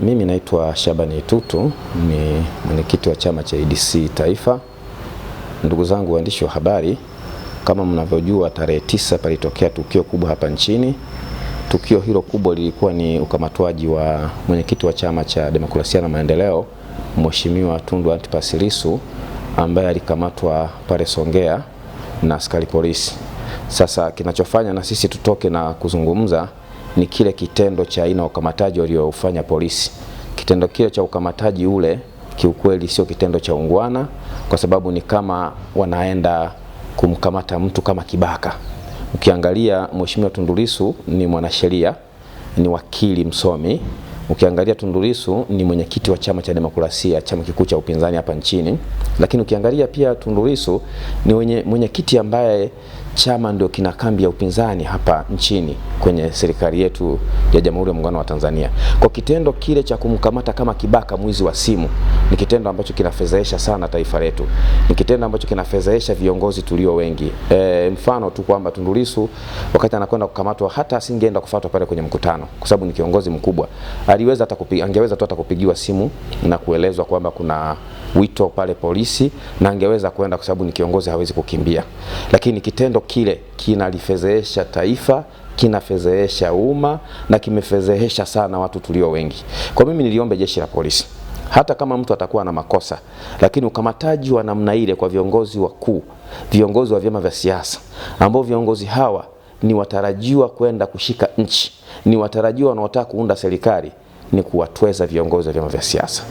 Mimi naitwa Shabani Itutu, ni mwenyekiti wa chama cha ADC e Taifa. Ndugu zangu waandishi wa habari, kama mnavyojua, tarehe tisa palitokea tukio kubwa hapa nchini. Tukio hilo kubwa lilikuwa ni ukamatwaji wa mwenyekiti wa chama cha demokrasia na maendeleo, Mheshimiwa Tundu Antipas Lissu ambaye alikamatwa pale Songea na askari polisi. Sasa kinachofanya na sisi tutoke na kuzungumza ni kile kitendo cha aina ya ukamataji waliofanya polisi. Kitendo kile cha ukamataji ule kiukweli sio kitendo cha ungwana, kwa sababu ni kama wanaenda kumkamata mtu kama kibaka. Ukiangalia Mheshimiwa Tundu Lissu ni mwanasheria, ni wakili msomi. Ukiangalia Tundu Lissu ni mwenyekiti wa Chama cha Demokrasia, chama kikuu cha upinzani hapa nchini. Lakini ukiangalia pia Tundu Lissu ni mwenyekiti ambaye chama ndio kina kambi ya upinzani hapa nchini kwenye serikali yetu ya Jamhuri ya Muungano wa Tanzania. Kwa kitendo kile cha kumkamata kama kibaka mwizi wa simu, ni kitendo ambacho kinafedhehesha sana taifa letu, ni kitendo ambacho kinafedhehesha viongozi tulio wengi. E, mfano tu kwamba Tundu Lissu wakati anakwenda kukamatwa, hata asingeenda kufuatwa pale kwenye mkutano, kwa sababu ni kiongozi mkubwa, aliweza hata angeweza tu hata kupigiwa simu na kuelezwa kwamba kuna wito pale polisi, na angeweza kwenda kwa sababu ni kiongozi, hawezi kukimbia. Lakini kitendo kile kinalifedhehesha taifa, kinafedhehesha umma na kimefedhehesha sana watu tulio wengi. Kwa mimi niliombe jeshi la polisi hata kama mtu atakuwa na makosa, lakini ukamataji wa namna ile kwa viongozi wakuu, viongozi wa vyama vya siasa, ambao viongozi hawa ni watarajiwa kwenda kushika nchi, ni watarajiwa wanaotaka kuunda serikali ni kuwatweza viongozi wa vyama vya siasa,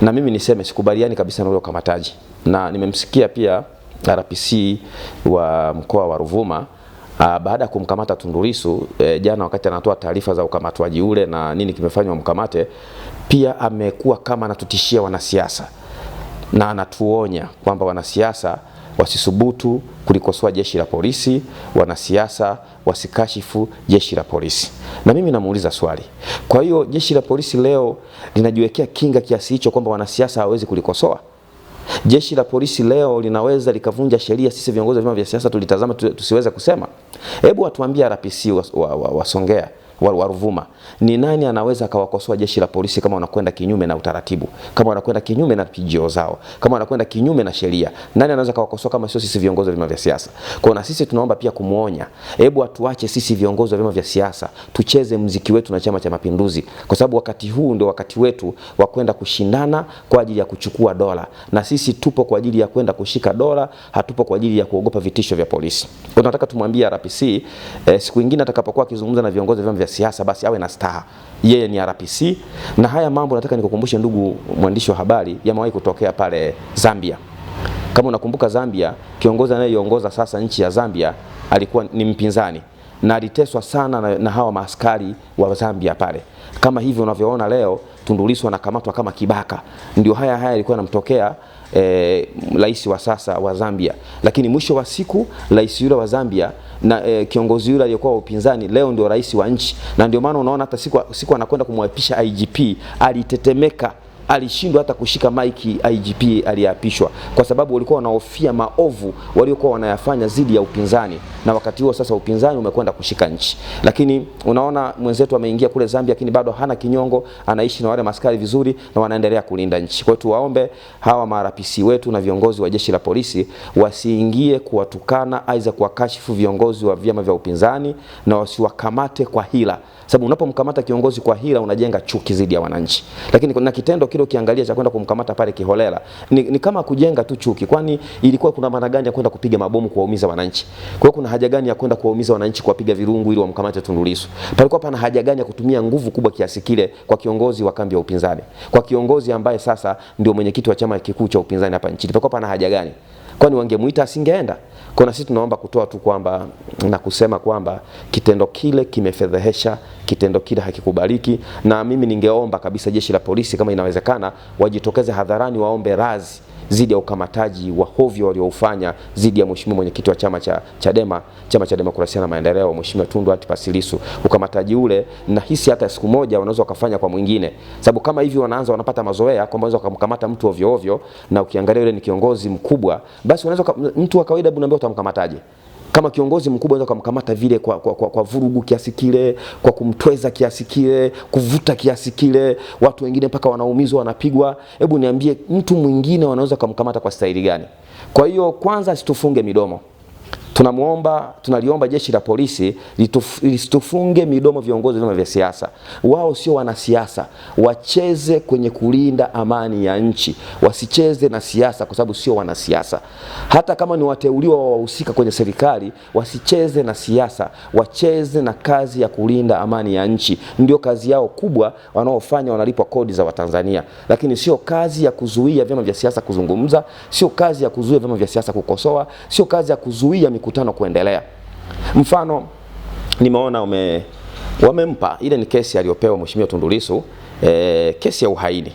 na mimi niseme sikubaliani kabisa na ule ukamataji, na nimemsikia pia RPC wa mkoa wa Ruvuma a, ah, baada ya kumkamata Tundu Lissu e, jana wakati anatoa taarifa za ukamatwaji ule na nini kimefanywa mkamate, pia amekuwa kama anatutishia wanasiasa na anatuonya kwamba wanasiasa wasisubutu kulikosoa jeshi la polisi, wanasiasa wasikashifu jeshi la polisi. Na mimi namuuliza swali, kwa hiyo jeshi la polisi leo linajiwekea kinga kiasi hicho kwamba wanasiasa hawezi kulikosoa? Jeshi la polisi leo linaweza likavunja sheria, sisi viongozi wa vyama vya siasa tulitazama tusiweze kusema? Hebu watuambie RPC wa, wa, wa, wa Songea wa Ruvuma, ni nani anaweza akawakosoa jeshi la polisi kama wanakwenda kinyume na utaratibu, kama wanakwenda kinyume na pigio zao, kama wanakwenda kinyume na sheria? Nani anaweza akawakosoa kama sio sisi viongozi wa vyama vya siasa? Kwa na sisi tunaomba pia kumuonya, hebu atuache sisi viongozi wa vyama vya siasa tucheze mziki wetu na Chama cha Mapinduzi, kwa sababu wakati huu ndio wakati wetu wa kwenda kushindana kwa ajili ya kuchukua dola, na sisi tupo kwa ajili ya kwenda kushika dola, hatupo kwa ajili ya kuogopa vitisho vya polisi. Kwa nataka tumwambie RPC eh, siku nyingine atakapokuwa akizungumza na viongozi wa vyama vya siasa basi awe na staha, yeye ni RPC. Na haya mambo nataka nikukumbushe ndugu mwandishi wa habari, yamewahi kutokea pale Zambia. Kama unakumbuka Zambia, kiongozi anayeiongoza sasa nchi ya Zambia alikuwa ni mpinzani na aliteswa sana na, na hawa maaskari wa Zambia pale, kama hivyo unavyoona leo Tundu Lissu anakamatwa kama kibaka. Ndio haya haya yalikuwa yanamtokea Eh, rais wa sasa wa Zambia, lakini mwisho wa siku rais yule wa Zambia na e, kiongozi yule aliyekuwa wa upinzani leo ndio rais wa nchi, na ndio maana unaona hata siku, siku anakwenda kumwapisha IGP alitetemeka alishindwa hata kushika maiki IGP aliyeapishwa, kwa sababu walikuwa wanahofia maovu waliokuwa wanayafanya dhidi ya upinzani, na wakati huo sasa upinzani umekwenda kushika nchi. Lakini unaona mwenzetu ameingia kule Zambia, lakini bado hana kinyongo, anaishi na wale maskari vizuri na wanaendelea kulinda nchi. Kwa hiyo tuwaombe hawa marapisi wetu na viongozi wa jeshi la polisi wasiingie kuwatukana, aidha kuwakashifu viongozi wa vyama vya upinzani, na wasiwakamate kwa hila, sababu unapomkamata kiongozi kwa hila unajenga chuki dhidi ya wananchi, lakini na kitendo kile ukiangalia cha kwenda kumkamata pale kiholela ni, ni kama kujenga tu chuki, kwani ilikuwa kuna maana gani ya kwenda kupiga mabomu kuwaumiza wananchi? Kwa hiyo kuna haja gani ya kwenda kuwaumiza wananchi kuwapiga virungu ili wamkamate Tundu Lissu? Palikuwa pana haja gani ya kutumia nguvu kubwa kiasi kile kwa kiongozi wa kambi ya upinzani, kwa kiongozi ambaye sasa ndio mwenyekiti wa chama kikuu cha upinzani hapa nchini? Palikuwa pana haja gani? Kwani wangemuita asingeenda? Kwa na sisi tunaomba kutoa tu kwamba na kusema kwamba kitendo kile kimefedhehesha, kitendo kile hakikubaliki, na mimi ningeomba kabisa jeshi la polisi, kama inawezekana, wajitokeze hadharani waombe radhi dhidi ya ukamataji wa hovyo walioufanya dhidi ya mheshimiwa mwenyekiti wa chama cha Chadema, chama cha demokrasia na maendeleo, mheshimiwa Tundu Antipas Lissu. Ukamataji ule nahisi hata siku moja wanaweza wakafanya kwa mwingine, sababu kama hivi wanaanza wanapata mazoea kwamba wanaweza wakamkamata mtu ovyo ovyo, na ukiangalia yule ni kiongozi mkubwa, basi wanaweza mtu wa kawaida bunaambia utamkamataje? Kama kiongozi mkubwa unaweza kumkamata vile kwa, kwa, kwa, kwa vurugu kiasi kile, kwa kumtweza kiasi kile, kuvuta kiasi kile, watu wengine mpaka wanaumizwa, wanapigwa. Hebu niambie mtu mwingine wanaweza kumkamata kwa staili gani? Kwa hiyo kwanza, situfunge midomo. Tunamuomba, tunaliomba jeshi la polisi lisitufunge midomo viongozi wa vyama vya siasa. Wao sio wanasiasa, wacheze kwenye kulinda amani ya nchi, wasicheze na siasa, kwa sababu sio wanasiasa. Hata kama ni wateuliwa wa wahusika kwenye serikali, wasicheze na siasa, wacheze na kazi ya kulinda amani ya nchi. Ndio kazi yao kubwa wanaofanya, wanalipwa kodi za Watanzania, lakini sio kazi ya kuzuia vyama vya siasa kuzungumza, sio kazi ya kuzuia vyama vya siasa kukosoa, sio kazi ya kuzuia mkutano kuendelea. Mfano nimeona ume wamempa ile ni kesi aliyopewa mheshimiwa Tundu Lissu e, kesi ya uhaini.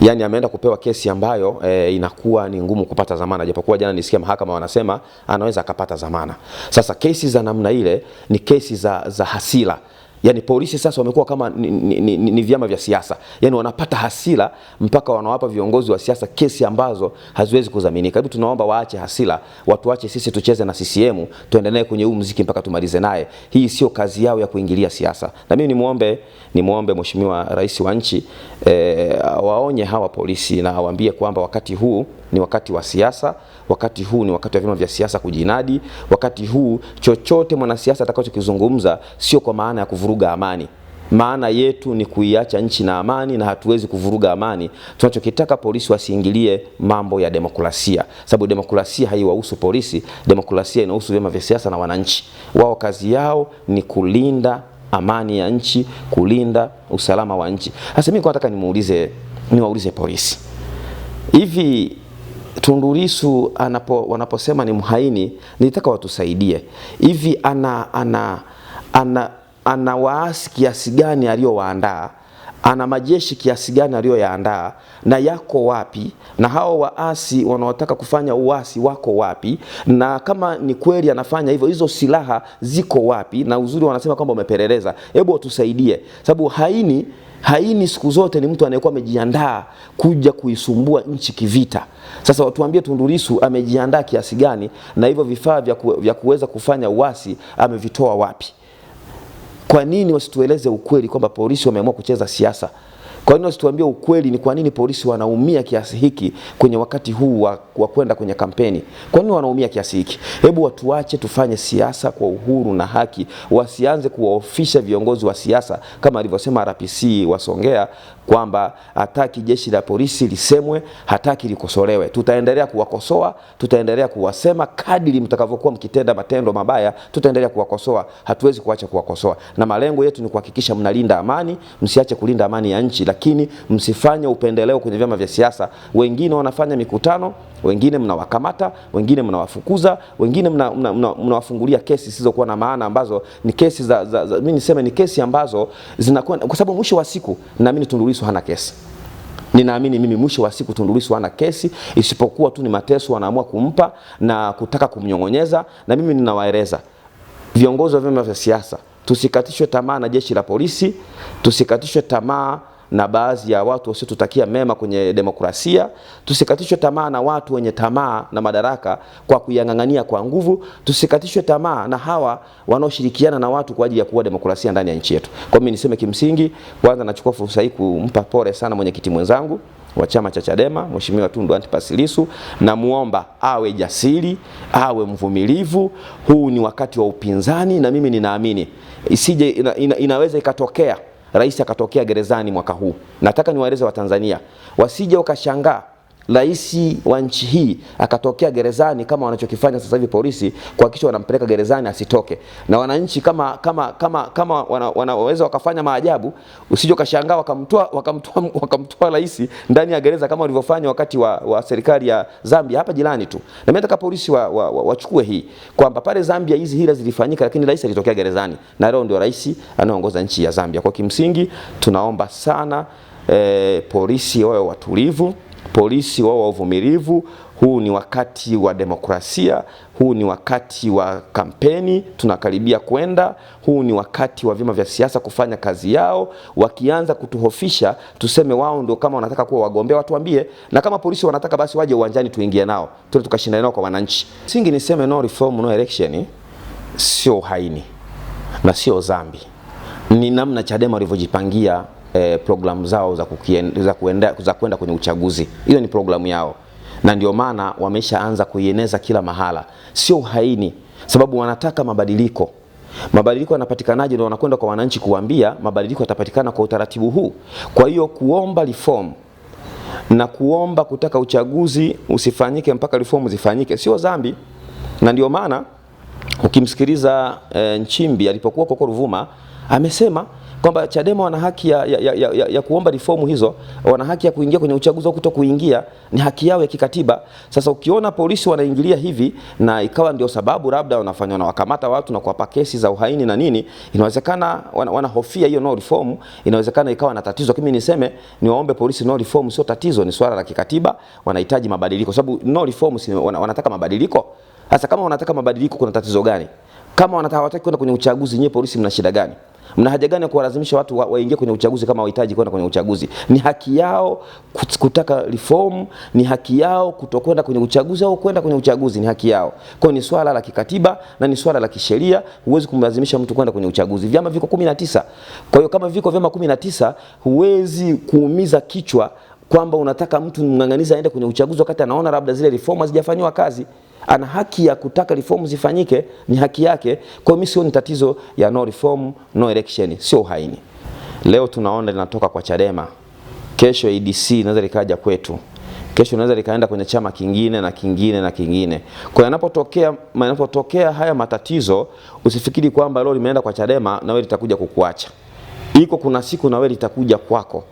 Yaani ameenda kupewa kesi ambayo e, inakuwa ni ngumu kupata dhamana, japokuwa jana nisikia mahakama wanasema anaweza akapata dhamana. Sasa kesi za namna ile ni kesi za, za hasila Yani polisi sasa wamekuwa kama ni, ni, ni, ni vyama vya siasa, yani wanapata hasira mpaka wanawapa viongozi wa siasa kesi ambazo haziwezi kudhaminika. Hebu tunaomba waache hasira, watu wache sisi tucheze na CCM, tuendelee kwenye huu muziki mpaka tumalize naye. Hii sio kazi yao ya kuingilia siasa. Na mimi nimuombe nimuombe Mheshimiwa Rais wa nchi eh, waonye hawa polisi na awaambie kwamba wakati huu ni wakati wa siasa, wakati huu ni wakati wa vyama vya siasa kujinadi, wakati huu chochote mwanasiasa atakachokizungumza sio kwa maana ya kuvuruga amani. Maana yetu ni kuiacha nchi na amani, na hatuwezi kuvuruga amani. Tunachokitaka polisi wasiingilie mambo ya demokrasia, sababu demokrasia haiwahusu polisi. Demokrasia inahusu vyama vya siasa na wananchi. Wao kazi yao ni kulinda amani ya nchi, kulinda usalama wa nchi. Sasa mimi nataka nimuulize, niwaulize polisi hivi Tundu Lissu anapo wanaposema ni mhaini, nilitaka watusaidie hivi, ana ana ana ana waasi kiasi gani aliyowaandaa? Ana majeshi kiasi gani aliyoyaandaa na yako wapi? Na hao waasi wanaotaka kufanya uasi wako wapi? Na kama ni kweli anafanya hivyo, hizo silaha ziko wapi? Na uzuri wanasema kwamba umepeleleza. Hebu watusaidie, sababu haini haini siku zote ni mtu anayekuwa amejiandaa kuja kuisumbua nchi kivita. Sasa watuambie Tundu Lissu amejiandaa kiasi gani, na hivyo vifaa vya kuweza kufanya uasi amevitoa wapi? Kwa nini wasitueleze ukweli kwamba polisi wameamua kucheza siasa? Kwa nini usituambie ukweli? Ni kwa nini polisi wanaumia kiasi hiki kwenye wakati huu wa, wa kwenda kwenye kampeni? Kwa nini wanaumia kiasi hiki? Hebu watuache tufanye siasa kwa uhuru na haki, wasianze kuwaofisha viongozi wa siasa kama alivyosema RPC wa Songea kwamba hataki jeshi la polisi lisemwe, hataki likosolewe. Tutaendelea kuwakosoa, tutaendelea kuwasema kadiri mtakavyokuwa mkitenda matendo mabaya, tutaendelea kuwakosoa. Hatuwezi kuacha kuwakosoa, na malengo yetu ni kuhakikisha mnalinda amani, msiache kulinda amani ya nchi, lakini msifanye upendeleo kwenye vyama vya siasa. Wengine wanafanya mikutano wengine mnawakamata, wengine mnawafukuza, wengine mnawafungulia mna, mna, mna kesi zisizokuwa na maana ambazo ni kesi za, za, za mimi niseme ni kesi ambazo zinakuwa, kwa sababu mwisho wa siku naamini Tundu Lissu hana kesi. Ninaamini mimi mwisho wa siku Tundu Lissu hana kesi, isipokuwa tu ni mateso wanaamua kumpa na kutaka kumnyong'onyeza. Na mimi ninawaeleza viongozi wa vyama vya siasa, tusikatishwe tamaa na jeshi la polisi, tusikatishwe tamaa na baadhi ya watu wasiotutakia mema kwenye demokrasia. Tusikatishwe tamaa na watu wenye tamaa na madaraka kwa kuyang'ang'ania kwa nguvu. Tusikatishwe tamaa na hawa wanaoshirikiana na watu kwa ajili ya kuua demokrasia ndani ya nchi yetu. Kwa mimi niseme kimsingi, kwanza nachukua fursa hii kumpa pole sana mwenyekiti mwenzangu wa chama cha Chadema Mheshimiwa Tundu Antipas Lissu, namuomba awe jasiri, awe mvumilivu. Huu ni wakati wa upinzani, na mimi ninaamini isije ina, ina, inaweza ikatokea rais akatokea gerezani mwaka huu. Nataka niwaeleze Watanzania wasije wakashangaa rais wa nchi hii akatokea gerezani kama wanachokifanya sasa hivi polisi, kuhakikisha wanampeleka gerezani asitoke. Na wananchi kama, kama, kama, kama wana, wanaweza wakafanya maajabu, usije ukashangaa wakamtoa wakamtoa wakamtoa rais ndani ya gereza kama walivyofanya wakati wa, wa serikali ya Zambia hapa jirani tu. Na mimi nataka polisi wachukue wa, wa, wachukue hii kwamba pale Zambia hizi hila zilifanyika, lakini rais alitokea gerezani na leo ndio rais anaongoza nchi ya Zambia. Kwa kimsingi tunaomba sana eh, polisi wawe watulivu. Polisi wao wa uvumilivu. Huu ni wakati wa demokrasia, huu ni wakati wa kampeni, tunakaribia kwenda. Huu ni wakati wa vyama vya siasa kufanya kazi yao. Wakianza kutuhofisha tuseme wao ndio kama wanataka kuwa wagombea, watuambie, na kama polisi wanataka basi waje uwanjani tuingie nao, tuli, tukashindane nao kwa wananchi. Singi niseme no reform no election sio uhaini na sio dhambi, ni namna Chadema walivyojipangia eh, programu zao za, kuenda, za kuenda kwenye uchaguzi. Hiyo ni programu yao, na ndio maana wameshaanza kuieneza kila mahala. Sio uhaini, sababu wanataka mabadiliko. Mabadiliko yanapatikanaje? Ndio wanakwenda kwa wananchi kuambia mabadiliko yatapatikana kwa utaratibu huu. Kwa hiyo kuomba reform na kuomba kutaka uchaguzi usifanyike mpaka reform zifanyike sio dhambi, na ndio maana ukimsikiliza e, Nchimbi alipokuwa koko Ruvuma amesema kwamba Chadema wana haki ya, ya, ya, ya, ya kuomba reform hizo, wana haki ya kuingia kwenye uchaguzi au kuto kuingia, ni haki yao ya kikatiba. Sasa ukiona polisi wanaingilia hivi na ikawa ndio sababu labda wanafanya wanawakamata watu na kuwapa kesi za uhaini na nini, inawezekana wanahofia wana hiyo no reform, inawezekana ikawa na tatizo. Kimi niseme niwaombe polisi, no reform sio tatizo, ni swala la kikatiba, wanahitaji mabadiliko sababu no reform si, wana, wanataka mabadiliko. Sasa kama wanataka mabadiliko kuna tatizo gani? Kama wanataka hawataki kwenda kwenye uchaguzi, nyie polisi mna shida gani? Mna haja gani ya kuwalazimisha watu waingie wa kwenye uchaguzi kama wahitaji kwenda kwenye uchaguzi? Ni haki yao kutaka reform, ni haki yao kutokwenda kwenye uchaguzi au kwenda kwenye uchaguzi ni haki yao. Kwa ni swala la kikatiba na ni swala la kisheria, huwezi kumlazimisha mtu kwenda kwenye uchaguzi. Vyama viko 19. Kwa hiyo kama viko vyama 19, huwezi kuumiza kichwa kwamba unataka mtu mng'ang'anizi aende kwenye uchaguzi wakati anaona labda zile reform hazijafanywa kazi ana haki ya kutaka reform zifanyike, ni haki yake. Kwa hiyo mimi sioni tatizo ya no reform no election, sio uhaini. Leo tunaona linatoka kwa Chadema, kesho ADC e inaweza likaja kwetu, kesho inaweza likaenda kwenye chama kingine na kingine na kingine. Kwa hiyo yanapotokea yanapotokea haya matatizo, usifikiri kwamba leo limeenda kwa Chadema na wewe litakuja kukuacha. Iko kuna siku na wewe litakuja kwako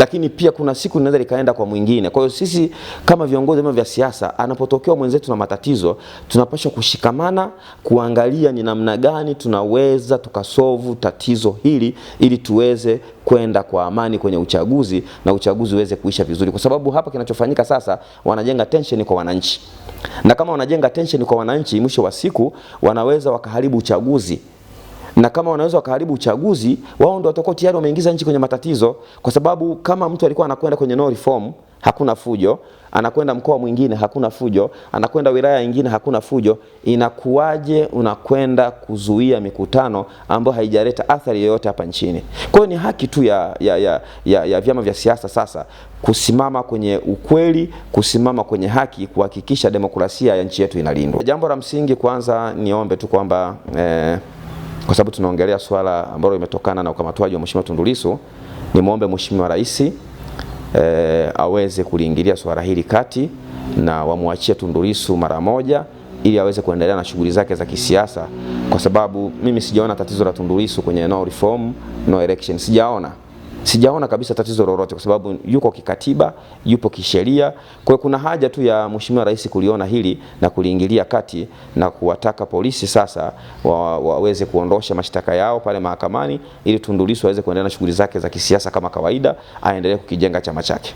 lakini pia kuna siku linaweza likaenda kwa mwingine. Kwa hiyo sisi kama viongozi wa vyama vya siasa, anapotokea mwenzetu na matatizo, tunapaswa kushikamana kuangalia ni namna gani tunaweza tukasovu tatizo hili ili tuweze kwenda kwa amani kwenye uchaguzi na uchaguzi uweze kuisha vizuri, kwa sababu hapa kinachofanyika sasa, wanajenga tension kwa wananchi, na kama wanajenga tension kwa wananchi, mwisho wa siku wanaweza wakaharibu uchaguzi na kama wanaweza wakaharibu uchaguzi wao, ndio watakuwa tayari wameingiza nchi kwenye matatizo, kwa sababu kama mtu alikuwa anakwenda kwenye no reform hakuna fujo, anakwenda mkoa mwingine hakuna fujo, anakwenda wilaya nyingine hakuna fujo, inakuwaje unakwenda kuzuia mikutano ambayo haijaleta athari yoyote hapa nchini? Kwa hiyo ni haki tu ya, ya, ya, ya, ya vyama vya siasa sasa kusimama kwenye ukweli, kusimama kwenye haki, kuhakikisha demokrasia ya nchi yetu inalindwa. Jambo la msingi kwanza niombe tu kwamba eh, kwa sababu tunaongelea swala ambalo limetokana na ukamatwaji wa Mheshimiwa Tundu Lissu, nimwombe Mheshimiwa Rais e, aweze kuliingilia swala hili kati na wamwachie Tundu Lissu mara moja ili aweze kuendelea na shughuli zake za kisiasa, kwa sababu mimi sijaona tatizo la Tundu Lissu kwenye no reform no election, sijaona sijaona kabisa tatizo lolote, kwa sababu yuko kikatiba, yupo kisheria. Kwa kuna haja tu ya Mheshimiwa Rais kuliona hili na kuliingilia kati na kuwataka polisi sasa wa, waweze kuondosha mashtaka yao pale mahakamani ili Tundu Lissu aweze kuendelea na shughuli zake za kisiasa kama kawaida, aendelee kukijenga chama chake.